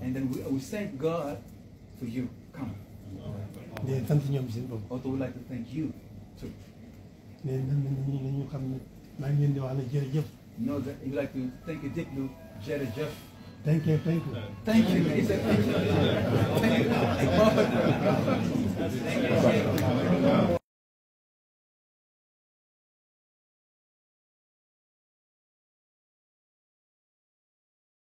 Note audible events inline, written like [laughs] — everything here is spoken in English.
And then we, we thank God for you. Come. nee thank you, Mister Bob. bopp. also would like to thank you too. nee nañu nañu xam ne maa ngi leen di wax ne you like to thank you deeply thank you thank you. thank you. [laughs] [laughs]